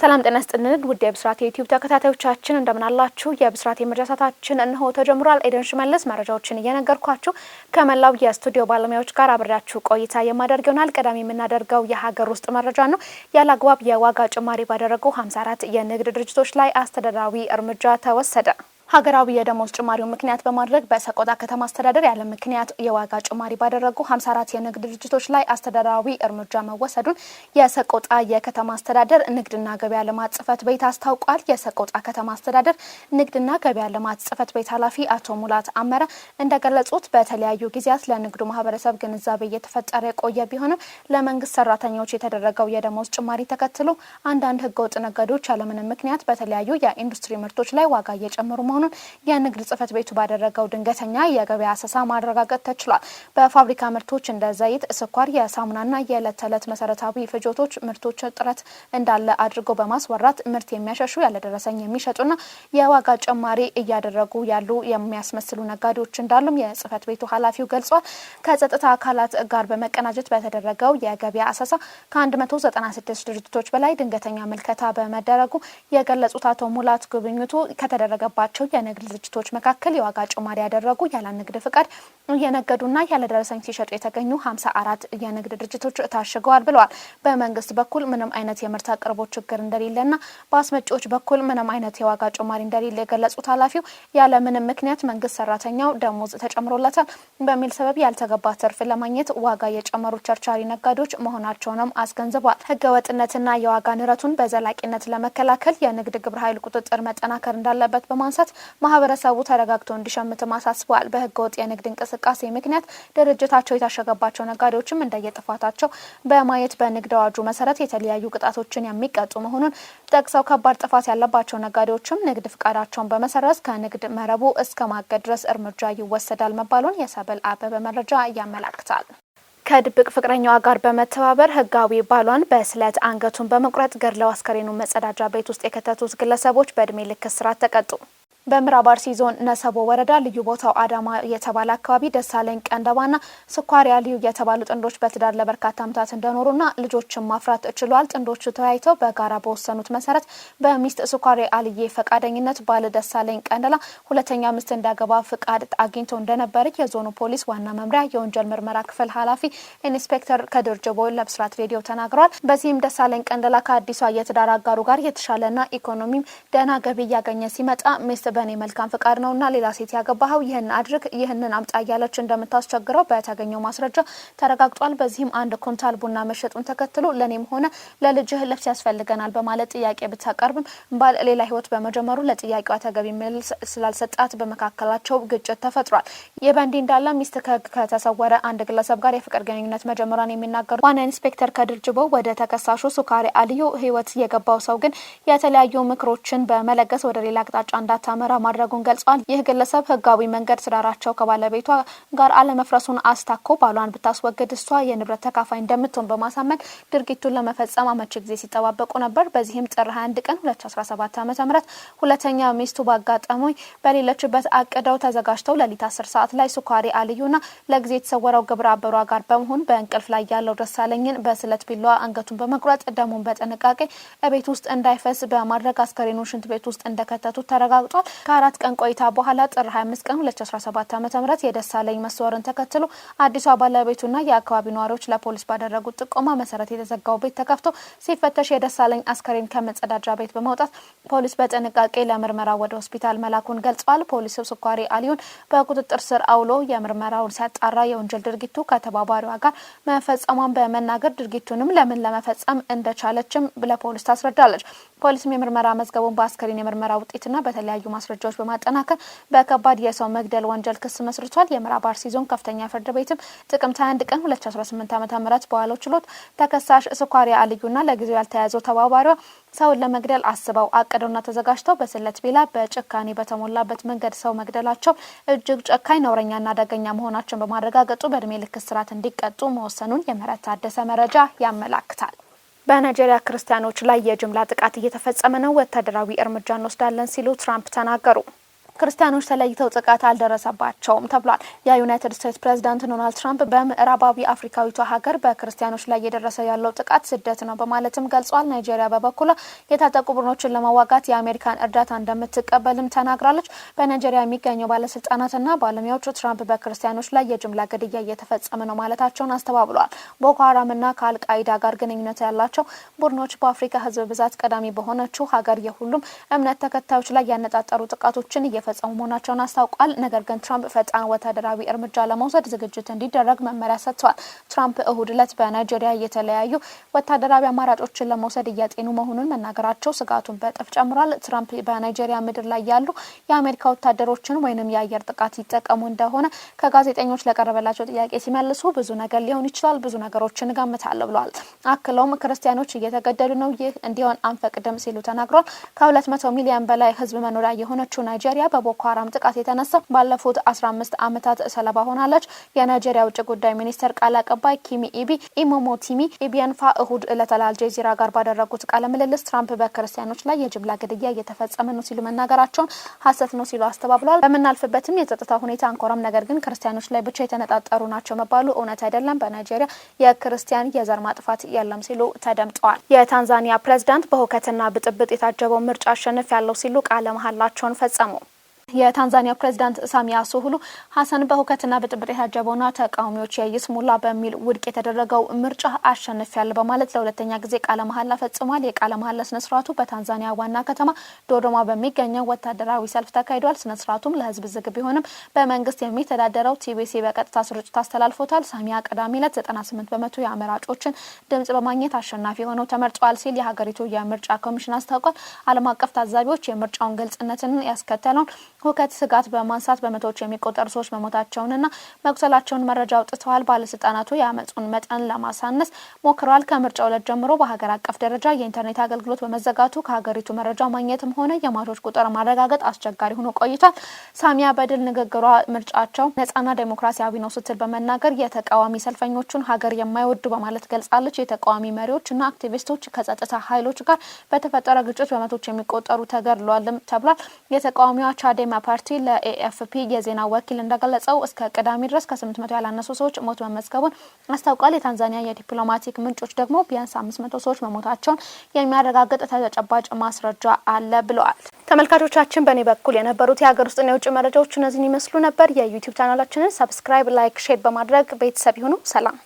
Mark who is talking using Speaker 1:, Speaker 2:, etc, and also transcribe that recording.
Speaker 1: ሰላም ጤና ስጥልን ውድ የብስራት የዩቲዩብ ተከታታዮቻችን እንደምናላችሁ። የብስራት የመረጃ ሰዓታችን እንሆ ተጀምሯል። ኤደን ሽመልስ መረጃዎችን እየነገርኳችሁ ከመላው የስቱዲዮ ባለሙያዎች ጋር አብሬያችሁ ቆይታ የማደርግ ይሆናል። ቀዳሚ የምናደርገው የሀገር ውስጥ መረጃ ነው። ያለ አግባብ የዋጋ ጭማሪ ባደረጉ 54 የንግድ ድርጅቶች ላይ አስተዳደራዊ እርምጃ ተወሰደ። ሀገራዊ የደሞዝ ጭማሪውን ምክንያት በማድረግ በሰቆጣ ከተማ አስተዳደር ያለ ምክንያት የዋጋ ጭማሪ ባደረጉ 54 የንግድ ድርጅቶች ላይ አስተዳደራዊ እርምጃ መወሰዱን የሰቆጣ የከተማ አስተዳደር ንግድና ገበያ ልማት ጽፈት ቤት አስታውቋል። የሰቆጣ ከተማ አስተዳደር ንግድና ገበያ ልማት ጽህፈት ቤት ኃላፊ አቶ ሙላት አመረ እንደገለጹት በተለያዩ ጊዜያት ለንግዱ ማህበረሰብ ግንዛቤ እየተፈጠረ የቆየ ቢሆንም ለመንግስት ሰራተኞች የተደረገው የደሞዝ ጭማሪ ተከትሎ አንዳንድ ህገወጥ ነጋዴዎች ያለምንም ምክንያት በተለያዩ የኢንዱስትሪ ምርቶች ላይ ዋጋ እየጨመሩ መሆኑ መሆኑን የንግድ ጽህፈት ቤቱ ባደረገው ድንገተኛ የገበያ አሰሳ ማረጋገጥ ተችሏል። በፋብሪካ ምርቶች እንደ ዘይት፣ ስኳር፣ የሳሙናና የዕለት ተዕለት መሰረታዊ ፍጆቶች ምርቶች እጥረት እንዳለ አድርጎ በማስወራት ምርት የሚያሸሹ ያለደረሰኝ የሚሸጡና የዋጋ ጭማሪ እያደረጉ ያሉ የሚያስመስሉ ነጋዴዎች እንዳሉም የጽህፈት ቤቱ ኃላፊው ገልጿል። ከጸጥታ አካላት ጋር በመቀናጀት በተደረገው የገበያ አሰሳ ከ196 ድርጅቶች በላይ ድንገተኛ ምልከታ በመደረጉ የገለጹት አቶ ሙላት ጉብኝቱ ከተደረገባቸው የንግድ ድርጅቶች መካከል የዋጋ ጭማሪ ያደረጉ ያለ ንግድ ፍቃድ እየነገዱና ያለ ደረሰኝ ሲሸጡ የተገኙ ሀምሳ አራት የንግድ ድርጅቶች ታሽገዋል ብለዋል። በመንግስት በኩል ምንም አይነት የምርት አቅርቦት ችግር እንደሌለና በአስመጪዎች በኩል ምንም አይነት የዋጋ ጭማሪ እንደሌለ የገለጹት ኃላፊው ያለ ምንም ምክንያት መንግስት ሰራተኛው ደሞዝ ተጨምሮለታል በሚል ሰበብ ያልተገባ ትርፍ ለማግኘት ዋጋ የጨመሩ ቸርቻሪ ነጋዴዎች መሆናቸውንም አስገንዝቧል። ህገወጥነትና የዋጋ ንረቱን በዘላቂነት ለመከላከል የንግድ ግብረ ኃይል ቁጥጥር መጠናከር እንዳለበት በማንሳት ማህበረሰቡ ተረጋግቶ እንዲሸምትም አሳስበዋል። በህገ ወጥ የንግድ እንቅስቃሴ ምክንያት ድርጅታቸው የታሸገባቸው ነጋዴዎችም እንደየጥፋታቸው በማየት በንግድ አዋጁ መሰረት የተለያዩ ቅጣቶችን የሚቀጡ መሆኑን ጠቅሰው ከባድ ጥፋት ያለባቸው ነጋዴዎችም ንግድ ፍቃዳቸውን በመሰረዝ ከንግድ መረቡ እስከ ማገድ ድረስ እርምጃ ይወሰዳል መባሉን የሰብል አበበ መረጃ ያመላክታል። ከድብቅ ፍቅረኛዋ ጋር በመተባበር ህጋዊ ባሏን በስለት አንገቱን በመቁረጥ ገድለው አስከሬኑን መጸዳጃ ቤት ውስጥ የከተቱት ግለሰቦች በእድሜ ልክ እስራት ተቀጡ። በምዕራብ አርሲ ዞን ነሰቦ ወረዳ ልዩ ቦታው አዳማ የተባለ አካባቢ ደሳለኝ ቀንደባና ስኳሪያ ልዩ የተባሉ ጥንዶች በትዳር ለበርካታ ዓመታት እንደኖሩና ልጆችን ማፍራት ችለዋል። ጥንዶቹ ተወያይተው በጋራ በወሰኑት መሰረት በሚስት ስኳር አልዬ ፈቃደኝነት ባል ደሳለኝ ቀንደላ ሁለተኛ ሚስት እንዳገባ ፍቃድ አግኝቶ እንደነበር የዞኑ ፖሊስ ዋና መምሪያ የወንጀል ምርመራ ክፍል ኃላፊ ኢንስፔክተር ከድር ጅቦ ለብስራት ሬዲዮ ተናግረዋል። በዚህም ደሳለኝ ቀንደላ ከአዲሷ የትዳር አጋሩ ጋር የተሻለና ኢኮኖሚም ደህና ገቢ እያገኘ ሲመጣ ሚስት በእኔ መልካም ነው እና ሌላ ሴት ያገባኸው ይህን አድርግ፣ ይህንን አምጣ እያለች እንደምታስቸግረው በተገኘው ማስረጃ ተረጋግጧል። በዚህም አንድ ኩንታል ቡና መሸጡን ተከትሎ ለእኔም ሆነ ለልጅህ ልብስ ያስፈልገናል በማለት ጥያቄ ብታቀርብም ባል ሌላ ህይወት በመጀመሩ ለጥያቄዋ ተገቢ መልስ ስላልሰጣት በመካከላቸው ግጭት ተፈጥሯል። ይህ በእንዲህ እንዳለ ሚስት ከህግ ከተሰወረ አንድ ግለሰብ ጋር የፍቅር ግንኙነት መጀመሯን የሚናገሩ ዋና ኢንስፔክተር ከድር ወደ ተከሳሹ ሱካሪ አልዩ ህይወት የገባው ሰው ግን የተለያዩ ምክሮችን በመለገስ ወደ ሌላ አቅጣጫ እንዳታ ምርመራ ማድረጉን ገልጿል። ይህ ግለሰብ ህጋዊ መንገድ ትዳራቸው ከባለቤቷ ጋር አለመፍረሱን አስታኮ ባሏን ብታስወግድ እሷ የንብረት ተካፋይ እንደምትሆን በማሳመን ድርጊቱን ለመፈጸም አመቺ ጊዜ ሲጠባበቁ ነበር። በዚህም ጥር 21 ቀን 2017 ዓ ም ሁለተኛ ሚስቱ ባጋጠሙኝ በሌለችበት አቅደው ተዘጋጅተው ሌሊት 10 ሰዓት ላይ ሱካሪ አልዩና ለጊዜ የተሰወረው ግብረ አበሯ ጋር በመሆን በእንቅልፍ ላይ ያለው ደሳለኝን በስለት ቢላዋ አንገቱን በመቁረጥ ደሙን በጥንቃቄ ቤት ውስጥ እንዳይፈስ በማድረግ አስከሬኑን ሽንት ቤት ውስጥ እንደከተቱት ተረጋግጧል። ከአራት ቀን ቆይታ በኋላ ጥር 25 ቀን 2017 ዓ ም የደሳለኝ መስወርን ተከትሎ አዲሷ ባለቤቱና የአካባቢ ነዋሪዎች ለፖሊስ ባደረጉት ጥቆማ መሰረት የተዘጋው ቤት ተከፍቶ ሲፈተሽ የደሳለኝ አስከሬን ከመጸዳጃ ቤት በመውጣት ፖሊስ በጥንቃቄ ለምርመራ ወደ ሆስፒታል መላኩን ገልጸዋል። ፖሊስ ስኳሪ አሊዩን በቁጥጥር ስር አውሎ የምርመራውን ሲያጣራ የወንጀል ድርጊቱ ከተባባሪዋ ጋር መፈጸሟን በመናገር ድርጊቱንም ለምን ለመፈጸም እንደቻለችም ለፖሊስ ታስረዳለች። ፖሊስም የምርመራ መዝገቡን በአስከሬን የምርመራ ውጤትና በተለያዩ ማስረጃዎች በማጠናከር በከባድ የሰው መግደል ወንጀል ክስ መስርቷል። የምዕራብ አርሲ ዞን ከፍተኛ ፍርድ ቤትም ጥቅምት 21 ቀን 2018 ዓ ም በዋለው ችሎት ተከሳሽ ስኳሪያ አልዩና ለጊዜው ያልተያዘው ተባባሪዋ ሰውን ለመግደል አስበው አቅደውና ተዘጋጅተው በስለት ቤላ በጭካኔ በተሞላበት መንገድ ሰው መግደላቸው እጅግ ጨካኝ ነውረኛና አደገኛ መሆናቸውን በማረጋገጡ በእድሜ ልክ እስራት እንዲቀጡ መወሰኑን የምህረት ታደሰ መረጃ ያመላክታል። በናይጄሪያ ክርስቲያኖች ላይ የጅምላ ጥቃት እየተፈጸመ ነው፣ ወታደራዊ እርምጃ እንወስዳለን ሲሉ ትራምፕ ተናገሩ። ክርስቲያኖች ተለይተው ጥቃት አልደረሰባቸውም ተብሏል። የዩናይትድ ስቴትስ ፕሬዚዳንት ዶናልድ ትራምፕ በምዕራባዊ አፍሪካዊቷ ሀገር በክርስቲያኖች ላይ እየደረሰ ያለው ጥቃት ስደት ነው በማለትም ገልጿል። ናይጄሪያ በበኩሏ የታጠቁ ቡድኖችን ለመዋጋት የአሜሪካን እርዳታ እንደምትቀበልም ተናግራለች። በናይጄሪያ የሚገኙ ባለስልጣናትና ባለሙያዎቹ ትራምፕ በክርስቲያኖች ላይ የጅምላ ግድያ እየተፈጸመ ነው ማለታቸውን አስተባብሏል። ቦኮ ሀራምና ከአልቃይዳ ጋር ግንኙነት ያላቸው ቡድኖች በአፍሪካ ህዝብ ብዛት ቀዳሚ በሆነችው ሀገር የሁሉም እምነት ተከታዮች ላይ ያነጣጠሩ ጥቃቶችን እየፈ እየፈጸሙ መሆናቸውን አስታውቋል። ነገር ግን ትራምፕ ፈጣን ወታደራዊ እርምጃ ለመውሰድ ዝግጅት እንዲደረግ መመሪያ ሰጥተዋል። ትራምፕ እሁድ እለት በናይጄሪያ የተለያዩ ወታደራዊ አማራጮችን ለመውሰድ እያጤኑ መሆኑን መናገራቸው ስጋቱን በእጥፍ ጨምሯል። ትራምፕ በናይጄሪያ ምድር ላይ ያሉ የአሜሪካ ወታደሮችን ወይንም የአየር ጥቃት ይጠቀሙ እንደሆነ ከጋዜጠኞች ለቀረበላቸው ጥያቄ ሲመልሱ ብዙ ነገር ሊሆን ይችላል፣ ብዙ ነገሮችን እገምታለሁ ብለዋል። አክለውም ክርስቲያኖች እየተገደሉ ነው፣ ይህ እንዲሆን አንፈቅድም ሲሉ ተናግሯል። ከሁለት መቶ ሚሊዮን በላይ ህዝብ መኖሪያ የሆነችው ናይጄሪያ በቦኮ ሀራም ጥቃት የተነሳ ባለፉት አስራ አምስት ዓመታት ሰለባ ሆናለች። የናይጄሪያ ውጭ ጉዳይ ሚኒስትር ቃል አቀባይ ኪሚ ኢቢ ቲሚ ኢቢያንፋ እሁድ ዕለት ከአልጄዚራ ጋር ባደረጉት ቃለ ምልልስ ትራምፕ በክርስቲያኖች ላይ የጅምላ ግድያ እየተፈጸመ ነው ሲሉ መናገራቸውን ሀሰት ነው ሲሉ አስተባብለዋል። በምናልፍበትም የጸጥታ ሁኔታ አንኮራም፣ ነገር ግን ክርስቲያኖች ላይ ብቻ የተነጣጠሩ ናቸው መባሉ እውነት አይደለም። በናይጄሪያ የክርስቲያን የዘር ማጥፋት የለም ሲሉ ተደምጠዋል። የታንዛኒያ ፕሬዝዳንት በሁከትና ብጥብጥ የታጀበው ምርጫ አሸንፍ ያለው ሲሉ ቃለ መሀላቸውን ፈጸሙ። የታንዛኒያ ፕሬዚዳንት ሳሚያ ሱሉሁ ሀሰን በሁከትና በጥብጥ የታጀበውና ተቃዋሚዎች የይስሙላ በሚል ውድቅ የተደረገው ምርጫ አሸንፊያለሁ በማለት ለሁለተኛ ጊዜ ቃለ መሀላ ፈጽሟል። የቃለ መሀላ ስነስርዓቱ በታንዛኒያ ዋና ከተማ ዶዶማ በሚገኘው ወታደራዊ ሰልፍ ተካሂዷል። ስነስርዓቱም ለህዝብ ዝግ ቢሆንም በመንግስት የሚተዳደረው ቲቢሲ በቀጥታ ስርጭት አስተላልፎታል። ሳሚያ ቅዳሜ ዕለት 98 በመቶ የአመራጮችን ድምጽ በማግኘት አሸናፊ ሆነው ተመርጠዋል ሲል የሀገሪቱ የምርጫ ኮሚሽን አስታውቋል። ዓለም አቀፍ ታዛቢዎች የምርጫውን ግልጽነትን ያስከተለውን ሁከት ስጋት በማንሳት በመቶዎች የሚቆጠሩ ሰዎች መሞታቸውንና መቁሰላቸውን መረጃ አውጥተዋል። ባለስልጣናቱ የአመፁን መጠን ለማሳነስ ሞክረዋል። ከምርጫ ዕለት ጀምሮ በሀገር አቀፍ ደረጃ የኢንተርኔት አገልግሎት በመዘጋቱ ከሀገሪቱ መረጃ ማግኘትም ሆነ የሟቾች ቁጥር ማረጋገጥ አስቸጋሪ ሆኖ ቆይቷል። ሳሚያ በድል ንግግሯ ምርጫቸው ነጻና ዴሞክራሲያዊ ነው ስትል በመናገር የተቃዋሚ ሰልፈኞቹን ሀገር የማይወዱ በማለት ገልጻለች። የተቃዋሚ መሪዎችና አክቲቪስቶች ከጸጥታ ኃይሎች ጋር በተፈጠረ ግጭት በመቶች የሚቆጠሩ ተገድለዋልም ተብሏል። የተቃዋሚዋ ቻዴ የሰማያዊ ፓርቲ ለኤኤፍፒ የዜና ወኪል እንደገለጸው እስከ ቅዳሜ ድረስ ከስምንት መቶ ያላነሱ ሰዎች ሞት መመዝገቡን አስታውቋል። የታንዛኒያ የዲፕሎማቲክ ምንጮች ደግሞ ቢያንስ አምስት መቶ ሰዎች መሞታቸውን የሚያረጋግጥ ተጨባጭ ማስረጃ አለ ብለዋል። ተመልካቾቻችን በእኔ በኩል የነበሩት የሀገር ውስጥና የውጭ መረጃዎች እነዚህን ይመስሉ ነበር። የዩቲዩብ ቻናላችንን ሰብስክራይብ፣ ላይክ፣ ሼር በማድረግ ቤተሰብ ይሁኑ። ሰላም